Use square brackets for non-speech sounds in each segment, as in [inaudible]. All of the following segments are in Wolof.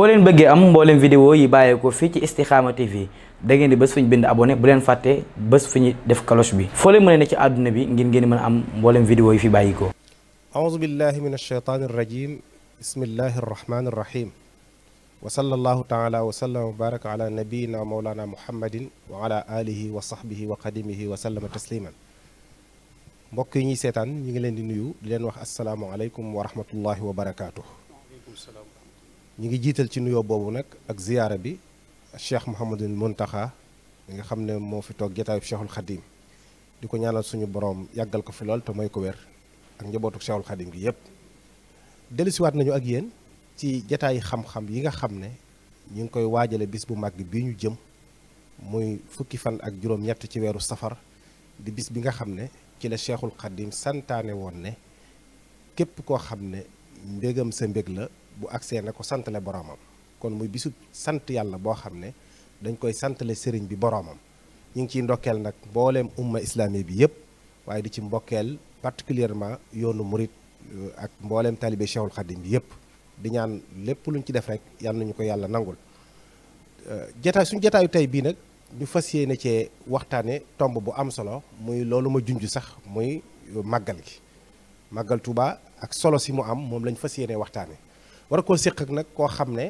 boo leen bëggee am mbooleem vidéo yi bàyyeekoo fii ci Istikhama TV da ngeen di bés fu ñu bind abonné bu leen fàtte bes fu ñu def cloche bi foo leen mën a ci àdduna bi ngir ngeen mën a am mbooleem vidéo yi fi bàyyikoo aouzu billahi min alcheytaani arrajim bismillahi arrahmani arrahim wa sallallahu taala wa sallam wa baraka ala nabiyina mawlana muhammadin wa ala alihi wa sahbihi wa qadimihi wa sallama tasliman mbokk yi ñuy seetaan ñu ngi leen di nuyu di leen wax asalaamualeykum wa rahmatullahi wa barakaatu ñi ngi jiital ci nuyoo boobu nag ak ziyaara bi cheikh Mouhamadul Mountakha mi nga xam ne moo fi toog jotaayu cheikhul Khadim di ko ñaanal suñu borom yàggal ko fi lool te mooy ko wér ak njabootu cheikhul Khadim gi yépp dellusiwaat nañu ak yéen ci jotaayu xam-xam yi nga xam ne ñu ngi koy waajale bis bu màgg bii ñu jëm muy fukki fan ak juróom-ñett ci weeru safar di bis bi nga xam ne ci la cheikhul Khadim santaane woon ne képp koo xam ne mbégam sa mbég la. bu agsee na ko santale boroomam kon muy bisub sant yàlla boo xam ne dañ koy santale sëriñ bi boroomam ñu ngi ciy ndokkeel nag mbooleem umma islami bi yëpp waaye di ci mbokkeel particulièrement yoonu murit euh, ak mbooleem taalibe Cheikhul Khadim bi yëpp di ñaan lépp luñ ci def rek yal nañu ko yàlla nangul euh, jataay suñu jataayu tey bii nag ñu fas yéene cee waxtaane tomb bu am solo muy loolu ma junj sax muy màggal gi màggal Tuuba ak solo si mu am moom lañ fas yéene waxtaane war koo séq ak nag koo xam ne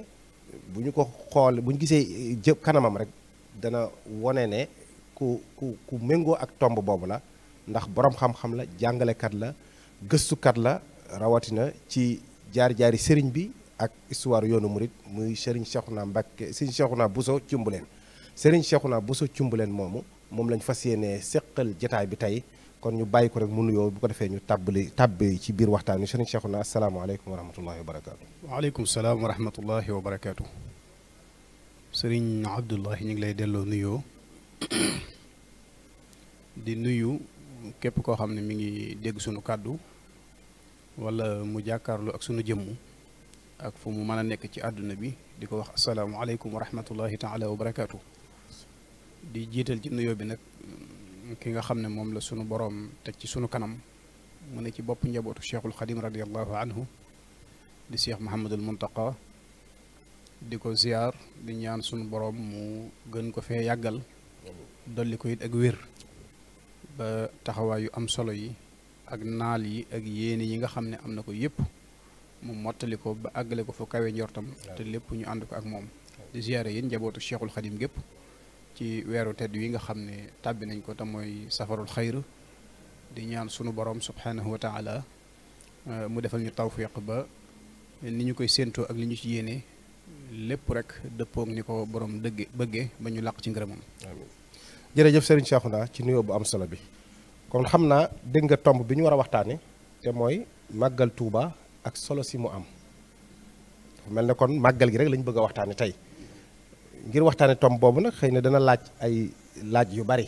bu ñu ko xool bu ñu gisee eh, jë kanamam rek dana wone ne ku ku ku méngoo ak tomb boobu la ndax borom xam-xam la jàngalekat la gëstukat la rawatina ci jaari jaari sëriñ bi ak histoire yoonu murit muy sëriñ Cheikhouna Mbacké sëriñ Cheikhouna Bousso Cumbuleen sëriñ Cheikhouna Bousso Cumbuleen moomu moom lañ fas yéenee séqal jataay bi tey kon ñu bàyyi ko rek mu nuyoo bu ko defee ñu tàbbali tàbbi ci biir waxtaan wi sëriñ Cheikhouna asalaamaaleykum wa rahmatullahi wa barakaatu. waaleykum salaam wa rahmatullahi wa barakaatu. sëriñ Abdullahi ñu ngi lay delloo nuyoo [coughs] di nuyu képp koo xam ne mi ngi dégg sunu kàddu walla mu jàkkaarloo ak sunu jëmm ak fu mu mën a nekk ci àdduna bi di ko wax asalaamaaleykum wa rahmatullahi taala wa barakaatu. di jiital ci nuyoo bi nag. ki nga xam ne moom la sunu boroom teg ci sunu kanam mu ne ci bopp njabootu cheikhul xadim radiallahu anhu di cheikh mahamadul muntaqa di ko ziar di ñaan sunu boroom mu gën ko fee yàggal dolli ko it ak wér ba taxawaay yu am solo yi ak naal yi ak yéene yi nga xam ne am na ko yépp mu mottali ko ba àggale ko fu kawe njortam te lépp ñu ànd ko ak moom di ziare yéen njabootu cheikhul xadim gépp ci weeru tedd wi nga xam ne tàbbi nañ ko te mooy safarul xayr di ñaan sunu borom subhanahu wa taala euh, mu defal ñu tawfiq ba ni ñu koy séentoo ak li ñu ci yéene lépp rek dëppoog ni ko boroom dëgge bëggee ba ñu làq ci ngërëmam amiin jërëjëf Serigne naa ci nuyoo bu am solo bi kon xam naa dégg nga tomb bi ñu war a waxtaane te mooy màggal tuuba ak solo si mu am mel ne kon màggal gi rek lañ bëgg a waxtaane tey ngir waxtaane tom boobu nag xëy na dana laaj ay laaj yu bari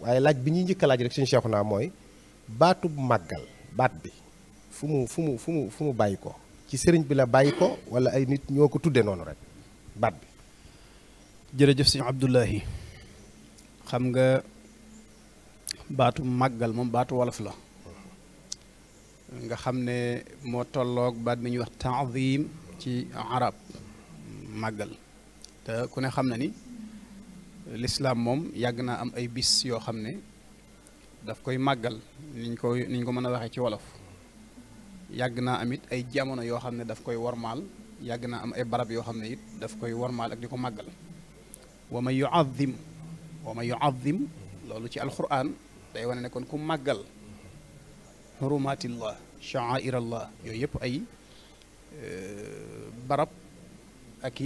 waaye laaj bi ñuy njëkka a laaj rek suñu seexu naa mooy baatub màggal baat bi fu mu fu mu fu mu fu mu bàyyi ko ci sëriñ bi la bàyyi ko wala ay nit ñoo ko tuddee noonu rek baat bi jërëjëf sëñ Abdullahi xam nga baatu màggal moom baatu wolof la nga xam ne moo tollook baat bi ñuy wax ta'zim ci arab màggal te ku ne xam na ni lislaam moom yàgg naa am ay bis yoo xam ne daf koy màggal niñ ko niñ ko mën a waxee ci wolof yàgg na am ay jamono yoo xam ne daf koy warmaal yàgg na am ay barab yoo xam ne it daf koy warmaal ak di ko màggal wa man yuazim wa man yuazim loolu ci alquran day wane ne kon ku màggal xurumatillah sha'airallah yooyu yëpp ay euh, barab ak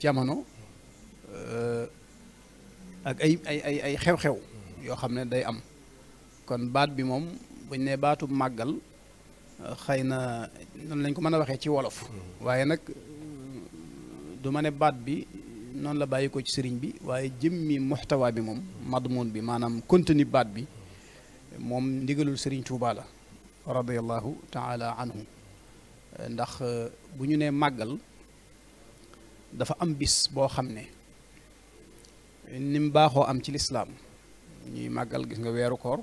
jamono Euh, ak ay ay ay ay xew-xew yoo xam ne day am kon baat bi moom buñ ne baatu màggal euh, xëy na noonu lañ ko mën a waxee ci wolof waaye nag euh, du ma ne baat bi noonu la bàyyi ko ci sëriñ bi waaye jëmmi muxtawa bi moom madmun bi maanaam continue baat bi moom ndigalul sëriñ Tuuba la radiallahu taala anhu ndax bu ñu nee màggal dafa am bis boo xam ne ni mu baaxoo am ci lislaam ñuy màggal gis nga weeru koor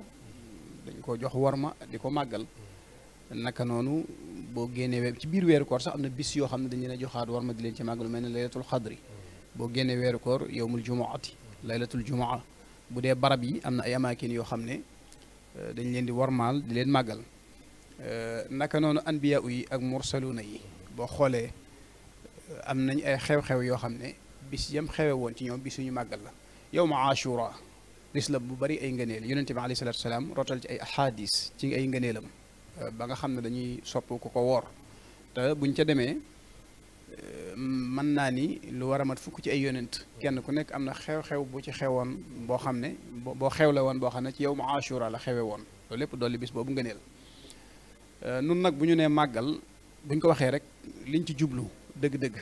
dañ ko jox war ma di ko màggal naka noonu boo génnee ci biir weeru koor sax am na bis yoo xam ne dañ leen joxaat warma di leen ci màggal mel ne laylatul xadri boo génnee weeru koor yowmul jumuati laylatul jumaa bu dee barab yi am na ay amaakin yoo xam ne euh, dañ leen di warmaal di leen màggal euh, naka noonu anbiya yi ak mursaluna yi boo xoolee euh, am nañ ay xew-xew yoo xam ne bis yam xewe woon ci ñoom ñu màggal la yow ma ashura gis la bu bari ay ngëneel yonente bi alayhi salaatu salaam rotal ci ay ahadis ci ay ngëneelam euh, ba nga xam ne dañuy sopp ku ko woor te buñ ca demee euh, mën naa ni lu war a mat fukk ci ay yonent kenn ku nekk am na xew-xew bu ci xewoon boo xam ne boo xew woon boo xam ne ci yow mu ashura la xewe woon loolu lépp dolli bis boobu ngëneel euh, nun nag bu ñu nee màggal buñ ko waxee rek liñ ci jublu dëgg-dëgg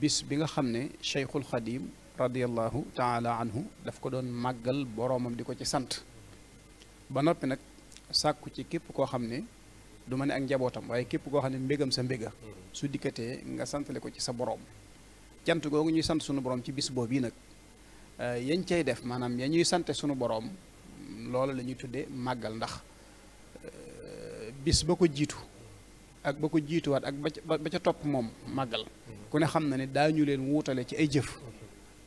bis bi nga xam ne cheikhul xadim radiallahu taala anhu daf ko doon màggal boroomam di ko ci sant ba noppi nag sàkku ci képp koo xam ne duma ne ak njabootam waaye képp koo xam ne mbégam sa mbéga su dikkatee nga santale ko ci sa boroom jant googu ñuy sant sunu boroom ci bis boobu yi nag euh, yañ cay def maanaam ya ñuy sante sunu boroom loola la ñuy tudde màggal ndax euh, bis ba ko jiitu ak ba ko jiituwaat ak ba ca topp moom màggal mm-hmm. ku ne xam na ne daañu leen wuutale ci ay jëf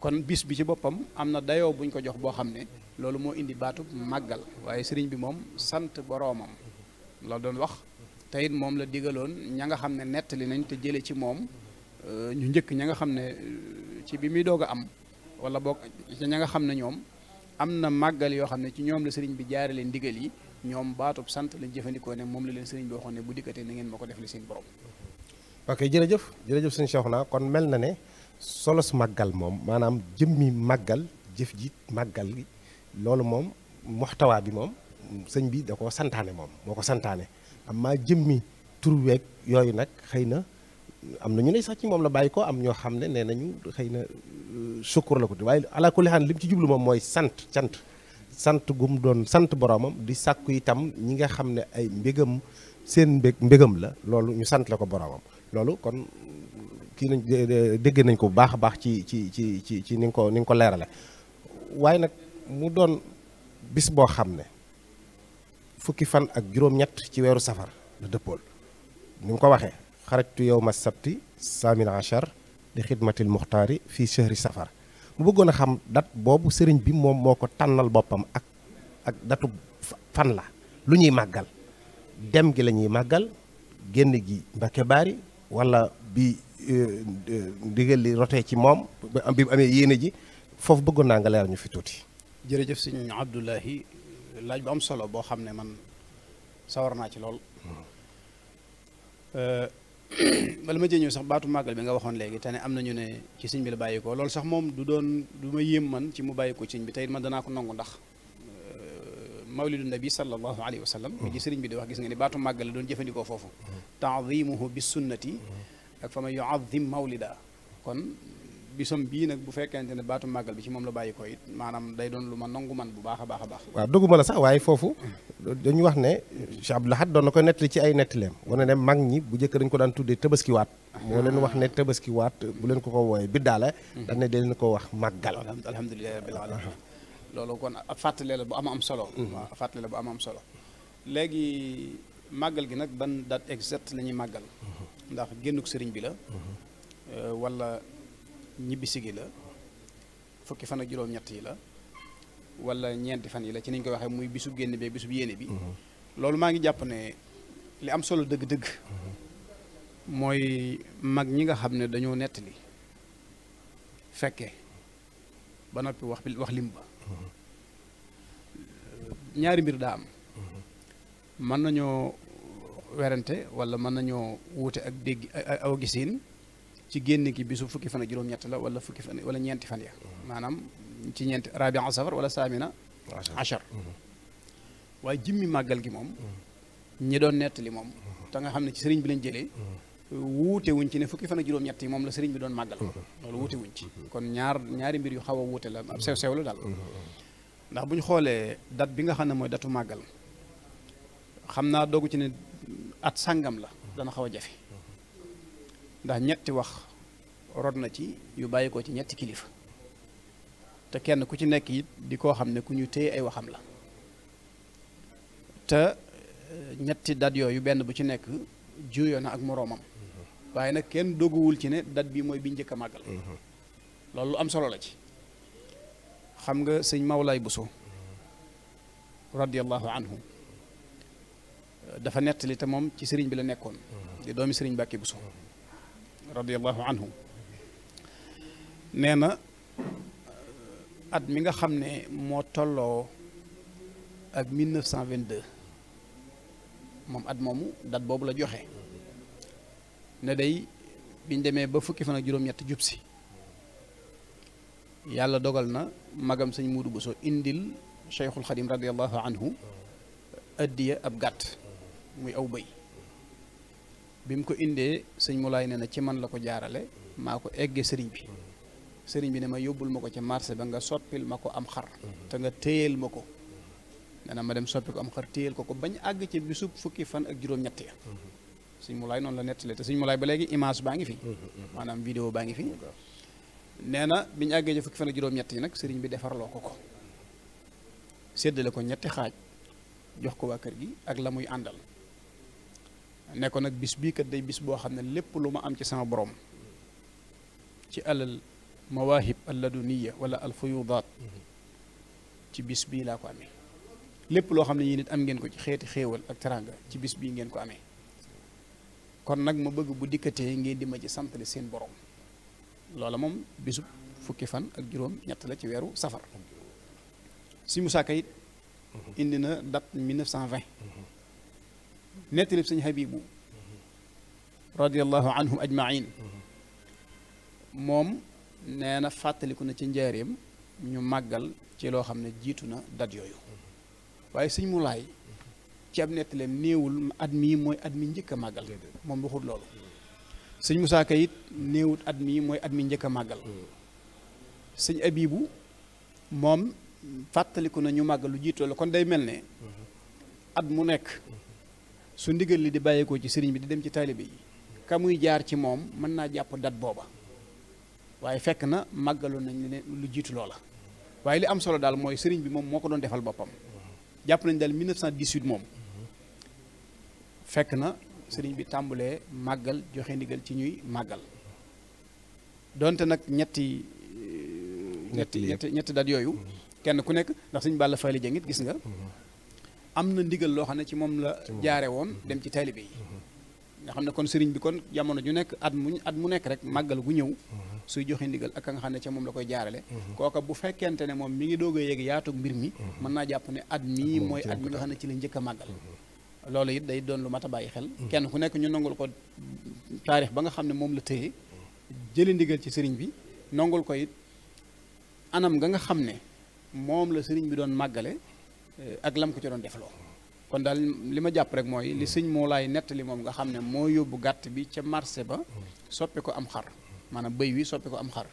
kon bis bi ci boppam am na dayo buñ ko jox boo xam ne loolu moo indi baatu màggal waaye sëriñ bi moom sant boroomam mm-hmm. la doon wax mm-hmm. te moom la digaloon ña nga xam ne nettali nañ te jële ci moom euh, ñu njëkk ña nga xam ne euh, ci bi muy doog a am wala boog ña nga xam ne ñoom am na màggal yoo xam ne ci ñoom la sëriñ bi jaare leen digal yi ñoom baatub sant lañ jëfandikoo ne moom la leen sëriñ bi waxoon ne bu dikkatee na ngeen ma ko def li seen borom ok jërëjëf jërëjëf sëñ Cheikhouna kon mel na ne solos màggal moom maanaam jëmmi màggal jëf ji màggal gi loolu moom moxtawaa bi moom sëñ bi da ko santaane moom moo ko santaane amaa jëmmi tur weeg yooyu nag xëy na am na ñu ne sax ci moom la bàyyi ko am ñoo xam ne nee nañu xëy na euh, sukkur la ko waaye alaa kulli xaan li ci jublu moom mooy sant sant sant gum doon sant boroomam di sàkku itam ñi nga xam ne ay mbégam seen mbég mbégam la loolu ñu sant la ko boroomam loolu kon kii nañ dégg nañ ko bu baax a baax ci ci ci ci ci ni ko ni nga ko leerale waaye nag mu doon bis boo xam ne fukki fan ak juróom-ñett ci weeru safar la dëppool ni ko waxee xarajtu yow ma sabti samin achar li xidmatil muxtaari fii chehri safar mu bëggoon a xam date boobu sëriñ bi moom moo ko tànnal boppam ak ak datu fan la lu ñuy màggal dem gi la ñuy màggal génn gi Mbàkke Baari walla bi euh, ndigal li rotee ci moom bi mu amee yéene ji foofu bëggoon naa nga leeral ñu fi tuuti. jërëjëf sëñ Abdoulahi laaj bu am solo boo xam ne man sawar naa ci lool. Hmm. Euh, [coughs] bala ma cee sax baatu màggal bi nga waxoon léegi te ne am nañu ne ci sëñ bi la bàyyi ko loolu sax moom du doon du ma yéem man ci mu bàyyi ko sëñ bi tey man danaa ko nangu ndax euh, mawlidu nabi sallallahu alayhi wa sallam mi mm-hmm. ci sëriñ bi di gis nga ne baatu màggal la doon jëfandikoo foofu mm-hmm. taadimuhu bi sunnati mm-hmm. ak fa ma yuadim mawlida kon bisam bii nag bu fekkente ne baatu màggal bi ci moom la bàyyi ko it maanaam day doon lu ma nangu man bu baax a baax a baax waaw dëgguma la sax waaye foofu dañu wax ne Cheikh Abdou Lahad doon na ko nettali ci ay nettaleem wane ne mag ñi bu njëkk dañ ko daan tuddee tabaski waat moo leen wax ne tabaski waat bu leen ko ko wooye biddaala dañ ne da leen ko wax màggal alhamdulilah rabbil alamin loolu kon ab fàttale la bu am am solo mm-hmm. waaw fàttale la bu am am léegi màggal gi nag ban date exacte la ñuy màggal mm-hmm. ndax génnuk sëriñ bi la mm-hmm. euh, wala ñibbisi gi la fukki fan ak juróom-ñett yi la walla ñeenti fan yi la ci niñ koy waxee muy bisu génn bee bisu yéene bi mhm. loolu maa ngi jàpp ne li am solo dëgg-dëgg mhm. mooy mag ñi nga xam ne dañoo nettali fekke ba noppi wax wax lim ba mhm. euh, ñaari mbir daa am mën nañoo werante wala mën nañoo wuute ak dégg aw gisiin ci génn bi bisu fukki fan ak juróom-ñett la wala fukki fan wala ñeenti fan ya maanaam ci ñeenti rabian safar wala saamina achar waaye jimmi màggal gi moom ñi doon nettali moom te nga xam ne ci sëriñ bi lañ jëlee wuute wuñ ci ne fukki fan ak juróom-ñett yi moom la sëriñ bi doon màggal loolu wuute wuñ ci kon ñaar ñaari mbir yu xaw a wuute la ab sew-sew la daal ndax bu ñu xoolee date bi nga xam ne mooy datu màggal xam naa doogu ci ne at sàngam la dana xaw a jafe ndax ñetti wax rod na ci yu bàyyi ko ci ñetti kilifa te kenn ku ci nekk it di koo xam ne ku ñu téye ay waxam la te eh, ñetti dat yooyu benn bu ci nekk juuyoo na ak moroomam waaye nag kenn dogguwul ci ne dat bi mooy bi njëkk a màggal loolu am solo la ci xam nga sëñ Mawlaay Buso radiallahu anhu eh, dafa nettali te moom ci sëriñ bi la nekkoon di doomi sëriñ Bàkki Buso radiallahu anhu nee na at mi nga xam ne moo tolloo ak vingt 1922 moom at moomu date boobu la joxe ne day biñ demee ba fukki fan ak juróom-ñett jub si yàlla dogal na magam sëñ muudu bu soo indil cheikhul xadim radiallahu anhu addiya ab gàtt muy aw bëy bi mu ko indee sëñ mulaay nee na ci man la ko jaarale maa ko egge sëriñ bi sëriñ bi ne ma yóbbul ma ko ca marché ba nga soppil ma ko am xar te nga téyel ma ko nee ma dem soppi ko am xar téyel ko ko bañ àgg ci bisub fukki fan ak juróom-ñett ya sëñ Moulay noonu la nettali te sëñ Moulay ba léegi image baa ngi fi maanaam vidéo baa ngi fi nee na bi ñu àggee ci fukki fan ak juróom-ñett yi nag sëriñ bi defarloo ko ko séddale ko ñetti xaaj jox ko waa kër gi ak la muy àndal ne ko nag bis bii kat day bis boo xam ne lépp lu ma am ci sama borom ci alal mawaahib alladuniya wala alfuyudaat ci bis bii laa ko amee lépp loo xam ne yi nit am ngeen ko ci xeeti xéewal ak teranga ci bis bii ngeen ko amee kon nag ma bëgg bu dikkatee ngeen di ma ci santale seen borom loola moom bisub fukki fan ak juróom ñett la ci weeru safar si mu Ka it indi na cent 1920 nettalib sëñ Habibu radiallahu anhum ajmain moom nee na fàttaliku na ci njaareem ñu màggal ci loo xam ne jiitu na dat yooyu waaye sëñ mu laay ci ab nettaleem néewul at mii mooy at mi njëkk a màggal moom waxut loolu Musaa Ka it néewut mi njëkk a màggal moom fàttaliku na ñu màggal lu jiitu la kon day mel ne at mu nekk su ndigal li di bàyyeekoo ci sëriñ bi di dem ci taalibe yi kamuy jaar ci moom mën naa jàpp dat booba waaye fekk na màggaloon nañ ne lu jiitu loola waaye li am solo daal mooy sëriñ bi moom moo ko doon defal boppam jàpp nañ daal 1918 moom fekk na sëriñ bi tàmbulee màggal joxe ndigal ci ñuy màggal donte nag ñetti ñetti ñetti ñetti dat yooyu kenn ku nekk ndax suñ bàll Faali Jeng it gis nga mm-hmm. am na ndigal loo xam ne ci moom la jaare woon dem ci taalibe yi mhm. nga xam ne kon sëriñ bi kon jamono ju nekk at mu at mu nekk rek màggal gu ñëw mhm. suy joxe ndigal ak ka nga xam ne ca moom la koy jaarale mhm. kooka bu fekkente ne moom mi ngi doog a yéeg mbir mi mën naa jàpp ne at mii mooy at mi nga xam ne ci la njëkk a màggal loolu it day doon lu mat a bàyyi xel kenn ku nekk ñu nangul ko taarix ba nga xam ne moom la téye jëli ndigal ci sëriñ bi nangul ko it anam nga nga xam ne moom la sëriñ bi doon màggale Euh, ak lam ko ci doon defloo kon daal li ma jàpp rek mooy li sëñ moo nettali moom nga xam ne moo yóbbu gàtt bi ca marché ba soppi am xar maanaam bëy wi soppi ko am xar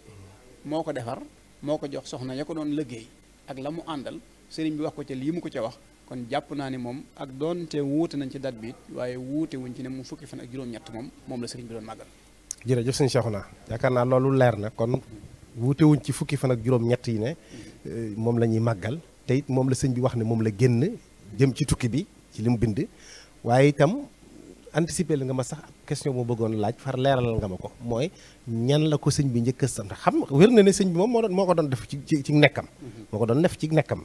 moo ko defar moo ko jox soxna ya ko doon liggéey ak la mu àndal sëriñ bi wax ko ca lii mu ko ca wax kon jàpp naa ni moom ak doonte wuute nañ ca dat bi waaye wuute wuñ ci ne mu fukki fan ak juróom-ñett moom moom la sëriñ bi doon màggal. jërëjëf sëñ Cheikhouna yaakaar naa loolu leer na kon wuute wuñ ci fukki fan ak juróom-ñett yi ne mm. euh, moom la ñuy màggal te it moom la sëñ bi wax ne moom la génn jëm ci tukki bi ci li mu bind waaye itam anticiper la nga ma sax question bu bëggoon laaj far leeralal nga ma ko mooy ñan la ko sëñ bi njëkk a sant xam wér na ne sëñ bi moom moo doon moo ko doon def ci ci nekkam mhm. moo doon def ci nekkam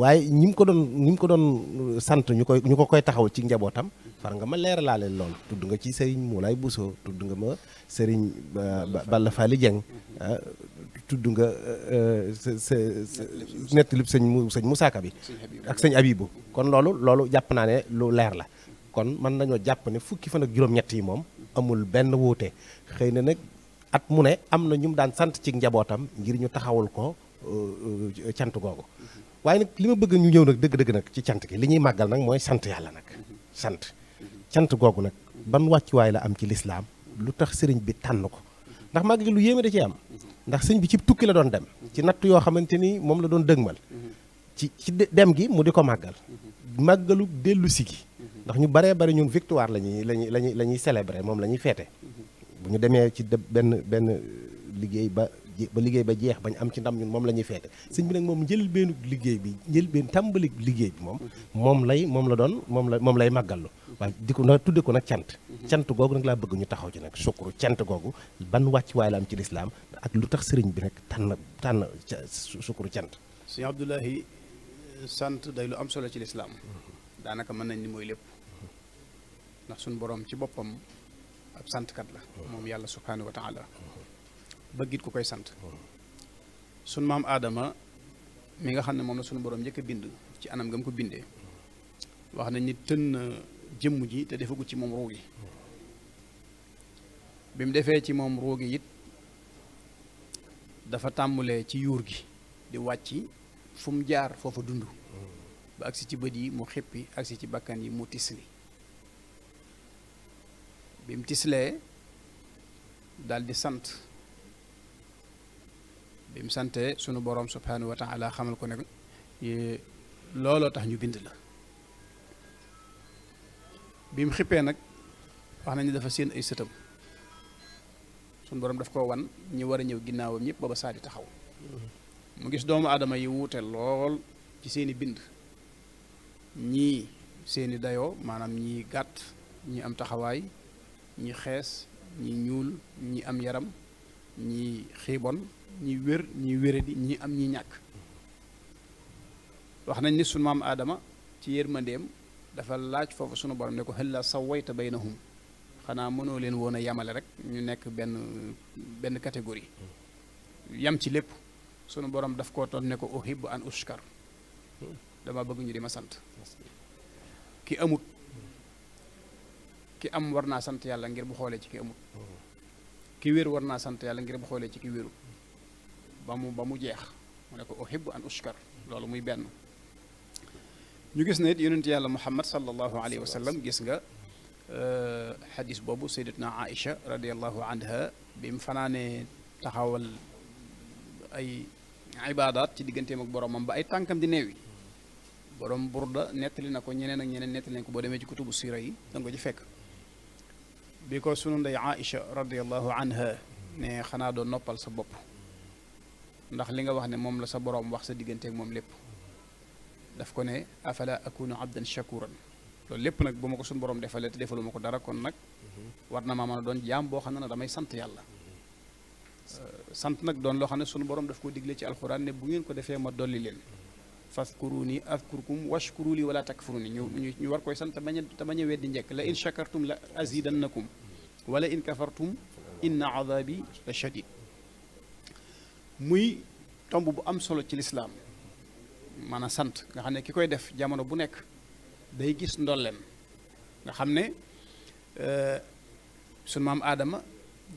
waaye ñi mu ko doon ñi mu ko doon sant ñu koy ñu ko koy taxaw ci njabootam far nga ma leeralaale lool tudd nga ci sëriñ Moulay Bousso tudd nga ma sëriñ Balla Fally Dieng mhm. ah, tudd nga euh, euh, sa sa nett sëñ mu sëñ Moussa Ka bi ak sëñ Abibu kon loolu loolu jàpp naa ne lu leer la kon mën nañoo jàpp ne fukki fan ak juróom-ñett yi moom amul benn wuute xëy na nag at mu ne am na ñu mu daan sant ci njabootam ngir ñu taxawul ko euh, cant googu waaye nag li ma bëgg ñu ñëw nag dëgg-dëgg nag ci cant ki li ñuy màggal nag mooy sant yàlla nag sant cant googu nag ban wàccuwaay la am ci lislaam lu tax sëriñ bi tànn ko ndax màgg lu yéeme da ci am ndax sëñ bi ci tukki la doon dem ci natt yoo xamante ni moom la doon dëgmal ci ci dem gi mu di ko màggal màggalu dellu si gi ndax ñu baree bari ñun victoire la ñuy lañu lañu la ñuy célébrer moom la ñuy feete bu ñu demee ci benn benn liggéey ba ba liggéey ba jeex bañ am ci ndam ñun moom la ñuy feete sëñ bi nag moom njëlbeenu liggéey bi njëlbeen tàmbali liggéey bi moom moom lay moom la doon moom la moom lay màggallu waaw di ko na tudde ko nag cant cant googu nag laa bëgg ñu taxaw ci nag sukkuru cant googu ban wàcc waay la ci lislaam ak lu tax sëriñ bi nag tànn tànn sukkuru cant sëñ sant day lu am solo ci lislaam daanaka mën nañ ni mooy lépp ndax suñu borom ci boppam ab santkat la mm-hmm. moom yàlla subhaanahu wa taala bëggit ku koy sant sun maam aadama mi nga xam ne moom na sunu borom njëkk a bind ci anam gam ko bindee wax nañ ni tënn jëmm ji te defagu ci moom ruugi bi mu defee ci moom ruugi it dafa tàmbulee ci yuur gi di wàcc fu mu jaar foofu dund ba agsi ci bët yi mu xippi agsi ci bakkan yi mu tisli bi mu tislee daal di sant bi mu sante sunu borom subhanahu wa taala xamal ko ne looloo tax ñu bind la bi mu xippee nag wax nañu dafa seen ay sëtam sunu borom daf ko wan ñu war a ñëw ginnaawam ñëpp ba ba saa taxaw mu gis doomu aadama yi wuute lool ci seeni bind ñii seeni dayoo maanaam ñii gàtt ñi am taxawaay ñi xees ñi ñuul ñi am yaram ñi xiibon ñi wér ñi wéradi ñi am ñi ñàkk wax nañ ni sunu maam aadama ci yërmandeem dafa laaj foofu sunu borom ne ko xëlla sawayta baynahum xanaa mënoo leen woon a yamale rek ñu nekk benn benn catégorie yam ci lépp sunu borom daf koo toon ne ko uhibbu an ushkar dama bëgg ñu di ma sant ki amut ki am war naa sant yàlla ngir bu xoolee ci ki amut ki wér war naa sant yàlla ngir bu xoolee ci ki wéru ba mu ba mu jeex mu ne ko uhibbu an ushkar loolu muy benn ñu gis ne it yonent yàlla muhammad sallallahu alayhi wa gis nga euh, xadis boobu sayyidatna aïcha radiallahu anha bi mu fanaanee taxawal ay ibaadaat ci digganteem ak boromam ba ay tànkam di neewi borom burda nettali na ko ñeneen ak ñeneen nettali nañ ko boo demee ci kutubu siira yi da nga ko ci fekk bi ko sunu ndey aïcha radiallahu anha ne xanaa doon noppal sa bopp ndax li nga wax ne moom la sa boroom wax sa digganteeg moom lépp daf ko ne afala akunu abdan shakuran loolu lépp nag bu ma ko suñ boroom defalee te defalu ma ko dara kon nag war na maa mën a doon jaam boo xam ne na damay sant yàlla euh, sant nag doon loo xam ne suñu boroom daf ko digle ci alxuraan ne bu ngeen ko defee ma dolli leen faskuruni azkurkum washkuru li wala takfuruni ñu ñu war koy sant te bañ a te bañ a weddi njëkk la in shakartum la azidannakum wala in kafartum inna azabi la shadid muy tomb bu am solo ci lislaam maanaam sant nga xam ne ki koy def jamono bu nekk day gis ndolleem nga xam ne euh, sunu maam aadama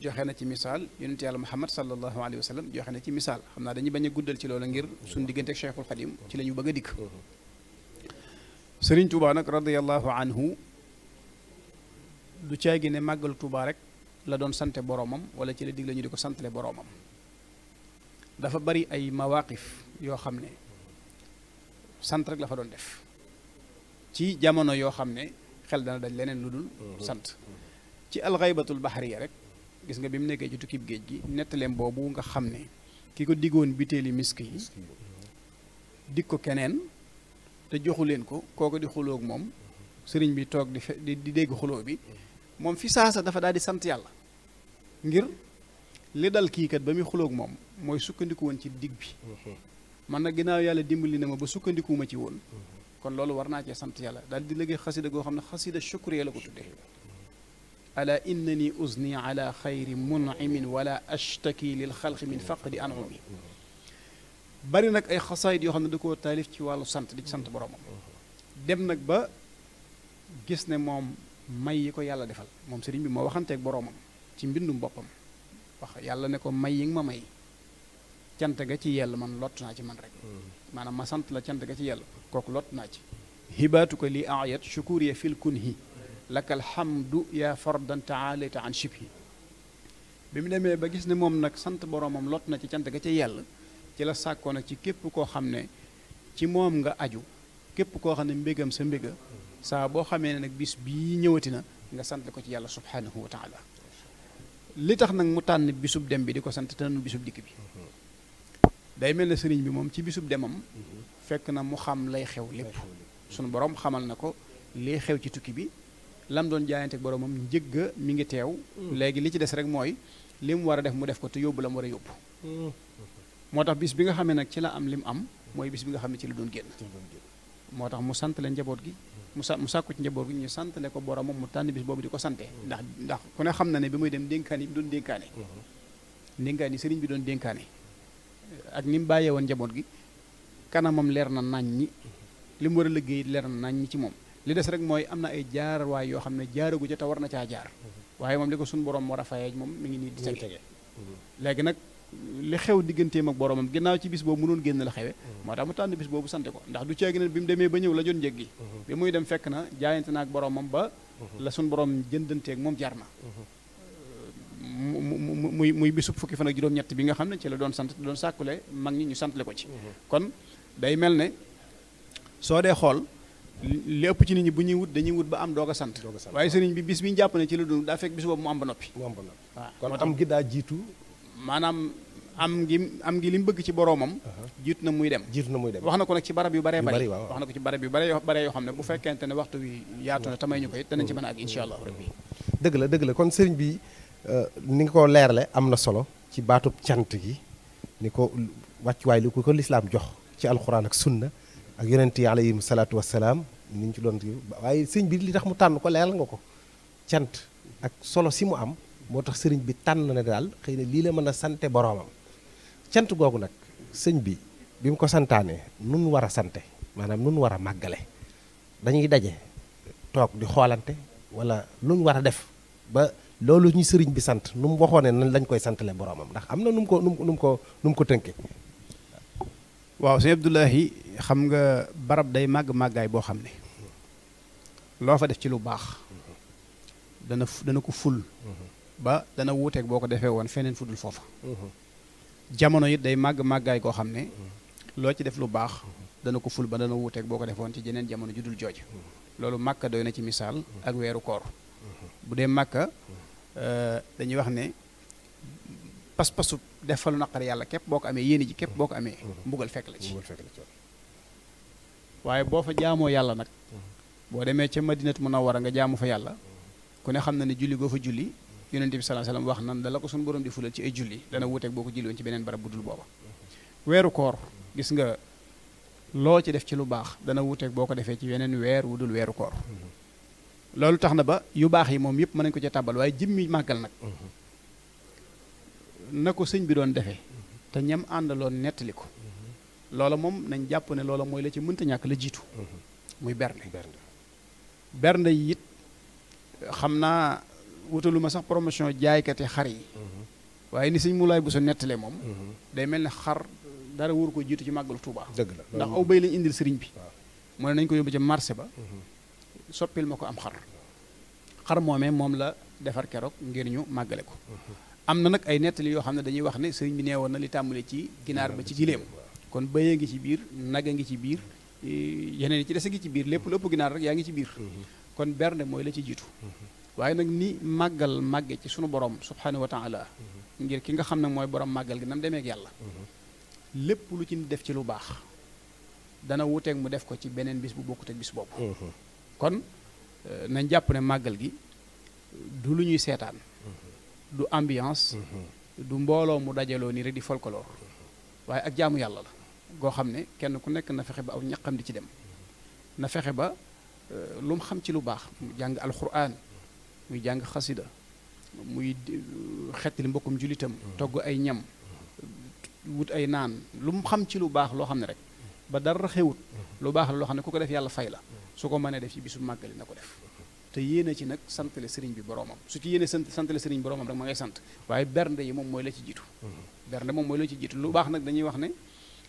joxe na ci misaal yonent yàlla muhammad sallallahu alayhi wa sallam joxe na ci misaal xam naa dañuy bañ a guddal ci loolu ngir suñ diggante ak cheikhul ci la ñu bëgg a dikk sëriñ tuubaa nag radiallahu anhu du caagi ne màggal tuubaa rek la doon sante boromam wala ci la dig la ñu di ko santale boromam dafa bari ay mawaqif yoo xam ne sant rek la fa doon def ci jamono yoo xam ne xel dana daj leneen lu dul mhm. sant ci alxaybatul baxariya rek gis nga bi mu nekkee ci tukkib géej gi nettaleem boobu nga xam ne ki ko diggoon biteeli misk yi dig ko keneen te joxu leen ko kooko di xuloog moom sëriñ bi toog di dégg xuloo bi moom fi saasa dafa daal di sant yàlla ngir li dal kii kat ba muy xuloog moom mooy sukkandiku woon ci digg bi mhm. man na ginnaaw yàlla dimbali na ma ba sukkandikuwuma ci woon mhm. kon loolu war naa cee sant yàlla daal di liggéey xasida goo xam ne xasida shukriya la ko tuddee ala innani uzni ala xayri mun'imin wala ashtaki lil xalqi min faqdi an'umi mhm. bari nag ay xasaayit yoo xam ne da koo taalif ci wàllu sant di ci sant boromam dem nag ba gis ne moom may yi ko yàlla defal moom sëriñ bi moo waxanteeg boroomam ci mbindum boppam wax yàlla ne ko may yi nga ma may cant ga ci yàlla man lott naa ci man rek hmm. maanaam ma sant la cant ga ci yell kooku lott naa ci hibaatu ko lii ayat shukur ya fil kunhi laka alhamdu yaa fardan taalita an shibhi bi mu demee ba gis ne moom nag sant boroomam lott na ci cant ga ci yàlla ci la sàkkoon nag ci képp koo xam ne ci moom nga aju képp koo xam ne mbégam sa mbéga saa boo xamee ne nag bis bii ñëwati na nga sant ko ci yàlla subhanahu wa taala li tax nag mu tànn bisub dem bi di ko sant tànn bisub dikk hmm. day mel ne sëriñ bi moom ci bisub demam mhm. fekk na mu xam lay xew lépp mhm. sunu borom xamal na ko lii xew ci tukki bi lam doon jaayante ak boromam njëgga mi ngi teew mhm. léegi li ci des rek mooy li mu war a def mu def ko te yóbbu la mu war a yóbbu moo tax bis bi nga xamee nag ci la am li mu am mooy bis bi nga xam ne ci la doon génn moo tax mu sant leen njaboot gi mu sa mu sàkku ci njaboot gi ñu santale ko boromam mu tànn bis boobu di ko sante ndax ku ne xam na ne bi muy dem dénkaan yi doon dénkaane dénkaan yi sëriñ bi doon dénkaane ak ni mu bàyyee woon njaboot gi kanamam leer na nañ ñi li mu war a liggéey leer na nañ ñi ci moom li des rek mooy am na ay jaarwaay yoo xam ne jaaragu ca te war na caa jaar waaye moom li ko suñ borom war a fayee moom mi ngi nii di tege mhm. léegi nag li xew digganteem ak boromam ginnaaw ci bis boobu mënoon génn la xewe mhm. moo tax mu tànn bis boobu sant ko ndax du ceegi ne bi mu demee ba ñëw la jot njëg gi mhm. bi muy dem fekk na jaayante naa ak boromam ba la suñu boroom jëndanteek moom jaar na mu muy muy bisub fukki fan ak juróom-ñett bi nga xam ne ci la doon sant doon sàkkule mag ñi ñu santle ko ci mhm. kon day mel ne soo dee xool li ëpp ci nit ñi bu ñuy wut dañuy wut ba am doog a sant waaye sëriñ bi bis bi ñu jàpp ne ci la dund daa fekk bis boobu mu am ba noppi waaw kon am gi daa jiitu maanaam am ngi am ngi li mu bëgg ci boroomam uh-huh. jiitu na muy dem jiitu na muy dem wax na ko nag ci barab yu baree bari wax na ko ci barab yu bare baree yoo xam ne bu fekkente ne waxtu wi yaatu na tamay ñu ko it danañ ci mën a ak insha mm-hmm. allah rabbi mm-hmm. dëgg la dëgg la kon sëriñ bi Euh, ni ngi ko leerale am na solo ci baatub cant gi ni ko wàccuwaay li ko ko lislaam jox ci alxuraan ak sunna ak yonent yi alayhim salaatu wasalaam ni ñu ci doon waaye sëñ bi li tax mu tànn ko leeral nga ko cant ak solo si mu am moo tax sëriñ bi tànn na daal xëy na lii la mën a sante boroomam cant googu nag sëñ bi bi mu ko santaane nun war a sante maanaam nun war a màggale dañuy daje toog di xoolante wala lu ñu war a def loolu ñu sëriñ bi sant nu mu waxoon ne lañ koy santale boroomam ndax am na nu mu ko nu mu ko nu mu ko tënke waaw sëñ xam nga barab day màgg màggaay boo xam ne loo fa def ci lu baax dana dana ko ful ba dana wuuteeg boo ko defee woon feneen fudul foofa jamono day màgg màggaay koo xam ne ci def lu baax dana ko ful ba dana wuuteeg boo ko defoon ci jeneen jamono ju dul jooje loolu màkka doy na ci misaal ak weeru koor bu dee màkka Euh, dañuy wax ne pas-pasu def fa lu naqar yàlla képp boo ko amee yéene ji képp boo ko amee mhm. mbugal fekk la ci waaye boo fa jaamoo yàlla nag mhm. boo demee ca madinat munawwara nga jaamu fa yàlla mhm. ku ne xam na ne julli goo fa julli yonente bi sallallahu alayhi wasallam wax nan da la ko suñ borom di fulal ci ay julli dana wuuteeg boo ko julli woon ci beneen barab bu dul booba weeru koor gis nga loo ci def ci lu baax dana wuuteeg boo ko defee ci weneen weer wu dul weeru koor loolu tax na ba yu baax yi moom yëpp ma nañu ko ca tàbbal waaye jëmmi màggal nag mhm. na ko sëñ bi doon defee te ñam àndaloon nettali ko mhm. loola moom nañ jàpp ne loola mooy la ci mënta ñàkk la jiitu mhm. muy bernde bernde yit xam naa wutalu ma sax promotion jaaykati xar yi waaye ni sëñ bu Bousso nettalee moom day mel ne xar dara wóor ko jiitu ci màggalu Tuubaa dëgg la ndax aw bay lañ indil sëriñ bi moo ne nañ ko yóbbu ci marché ba soppil ma ko am xar xar moomee moom la defar keroog ngir ñu màggale ko am na nag ay nettali yoo xam ne dañuy wax ne sëriñ bi neewoon na li tàmbale ci ginaar ba ci giléem kon bëy ngi ci biir nag a ngi ci biir e, yeneen yi ci des a ngi ci biir lépp lu ëpp ginaar rek yaa ngi ci biir kon bernde mooy la ci jiitu waaye nag ni màggal màgge ci sunu borom subhanahu wa taala ngir ki nga xam ne mooy borom màggal gi nam demeek yàlla lépp lu ci def ci lu baax dana wuteeg mu def ko ci beneen bis bu bokkut ak bis kon euh, nañ jàpp ne màggal gi du lu ñuy seetaan du ambiance du mbooloo mu dajaloo nii rek di folklore waaye ak jaamu yàlla la goo xam ne kenn ku nekk na fexe ba aw ñaqam di ci dem na fexe ba euh, lu mu xam ci lu baax mu jàng alxuraan muy jàng xasida muy euh, xettali mbokkum jullitam togg ay ñam wut ay naan lu mu xam ci lu baax loo xam ne rek ba dara xewut lu baax la loo xam ne ku ko def yàlla fay la su ko mënee def ci bisu màggali na ko def te yéene ci nag santale sëriñ bi boroomam su ci yéene sant santale sëriñ bi boroomam rek ma ngay sant waaye bernde yi moom mooy la ci jiitu bernde moom mooy la ci jiitu lu baax nag dañuy wax ne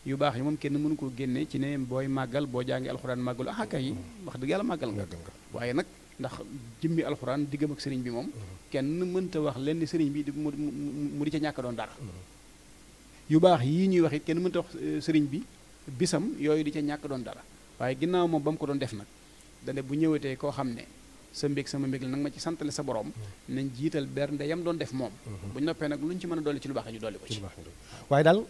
yu baax yi moom kenn mënu koo génne ci ne booy màggal boo jàngi alxuraan màggalu axaka ah, yi wax dëgg màggal nga waaye nag ndax jëmmi alxuraan diggam ak sëriñ bi moom kenn mënta wax lenn sëriñ bi mu di ca ñàkk doon dara mm-hmm. yu baax yii ñuy wax kenn mënta wax eh, sëriñ bi bisam yooyu di ca ñàkk doon dara waaye ginnaaw moom ba mu ko doon def nag dane bu ñëwatee koo xam ne sa mbég sama mbég la nag ma ci santale sa borom mm-hmm. nañ jiital bernde yam doon def moom mm-hmm. bu noppee nag lu ñu ci mën a dolli ci lu baax ñu dolli ko ci waaye daal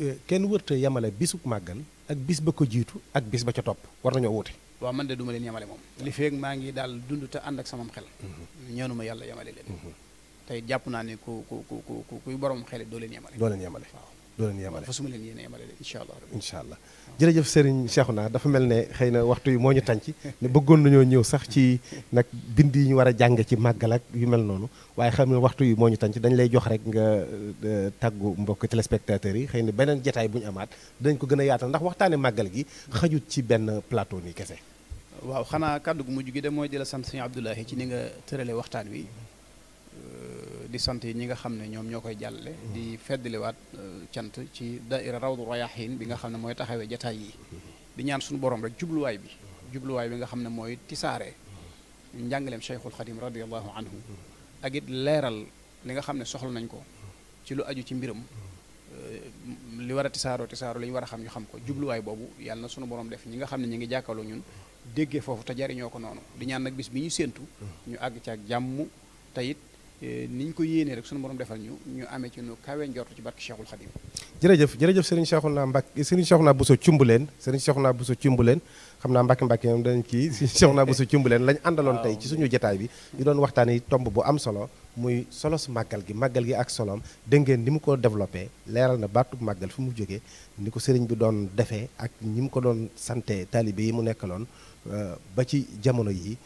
eh, kenn wërta yamale bisub màggal ak bis ba ko jiitu ak bis ba ca topp war nañoo wuute waaw man de duma leen yamale moom li feeg maa ngi daal dund te ànd ak samam xel mm-hmm. ñaanuma yàlla yamale leen tey jàpp naa ne ku ku ku ku kuy borom xel doo leen yamale doo leen yamale waaw du leen yemale fa su ma leen yéene yemale incha allah incha allah jërëjëf Serigne Cheikhouna dafa mel ne xëy na waxtu yi moo ñu tànc ne bëggoon nañoo ñëw sax ci nag bind yi ñu war a jàng ci màggal ak yu mel noonu waaye xam ne waxtu yi moo ñu tànc dañ lay jox rek nga euh, tàggu mbokk téléspectateurs yi xëy na beneen jetaay bu ñu amaat dañ ko gën a yaatal ndax waxtaane màggal gi xajut ci benn plateau nii kese waaw xanaa kàddu gu mujj gi de mooy di la sant sëñ Abdoulahi ci ni nga tërale waxtaan wi euh, di sant ñi nga xam ne ñoom ñoo koy jàllale mm-hmm. di feddliwaat euh, cant ci daaira rawdu rayahin bi nga xam ne mooy taxawee jataay yi mm-hmm. di ñaan suñu borom rek jubluwaay bi jubluwaay bi nga xam ne mooy tisaare njàngaleem cheikhul xadim radiallahu anhu mm-hmm. ak it leeral li nga xam ne soxla nañ ko ci lu aju ci mbiram li wara a tisaaroo tisaaroo li ñu war xam ñu xam ko jubluwaay boobu yàlla na sunu borom def ñi nga xam ne ñu ngi jàkkaloo ñun déggee foofu te jariñoo ko noonu di ñaan nag bis bi ñu séentu ñu àgg ni ñu ko yéenee rek sunu borom defal ñu ñu amee ci nu kawe njortu ci barke Cheikhul Khadim jërëjëf jërëjëf Serigne Cheikhouna Mbacké Serigne Cheikhouna Bousso Cumbuleen Serigne Cheikhouna Bousso Cumbuleen xam naa Mbacké Mbacké moom danañ kii Serigne Cheikhouna Bousso Cumbuleen lañ àndaloon tey ci suñu jotaay bi ñu doon waxtaani tomb bu am solo muy solos màggal gi màggal gi ak solom dégg ngeen ni mu ko développé leeral na baatub màggal fi mu jógee ni ko sëriñ bi doon defee ak ñi mu ko doon santé taalibe yi mu nekkaloon euh, ba ci jamono yi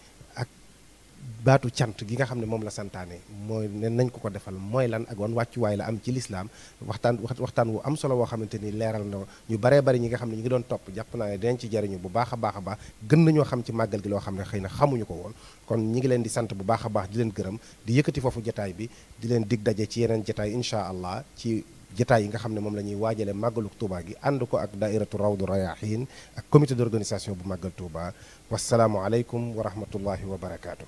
baatu cant gi nga xam ne moom la santaane mooy ne nañ ko ko defal mooy lan ak wan wàccuwaay la am ci lislaam waxtaan waxtaan wu am solo woo xamante ni leeral na ñu bare bari ñi nga xam ne ñu ngi doon topp jàpp naa ne dinañ ci jariñu bu baax a baax a baax gën nañoo xam ci màggal gi loo xam ne xëy na xamuñu ko woon kon ñi ngi leen di sant bu baax a baax di leen gërëm di yëkkati foofu jataay bi di leen dig daje ci yeneen jataay incha allah ci jataay yi nga xam ne moom la ñuy waajale màggalu Touba gi ànd ko ak daairatu rawdu rayahin ak comité d'organisation bu màggal Touba wasalaamu aleykum wa rahmatullahi wa barakaatu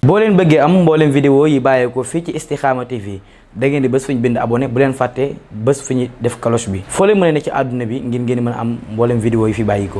boo leen bëggee am mbooleem vidéo yi bàyyeekoo fii ci Istikhama TV da ngeen di bés ñu bind abonné bu leen fàtte bés fu ñu def cloche bi foo leen mën ne ci àdduna bi ngir ngeen mën a am mbooleem vidéo yi fi bàyyikoo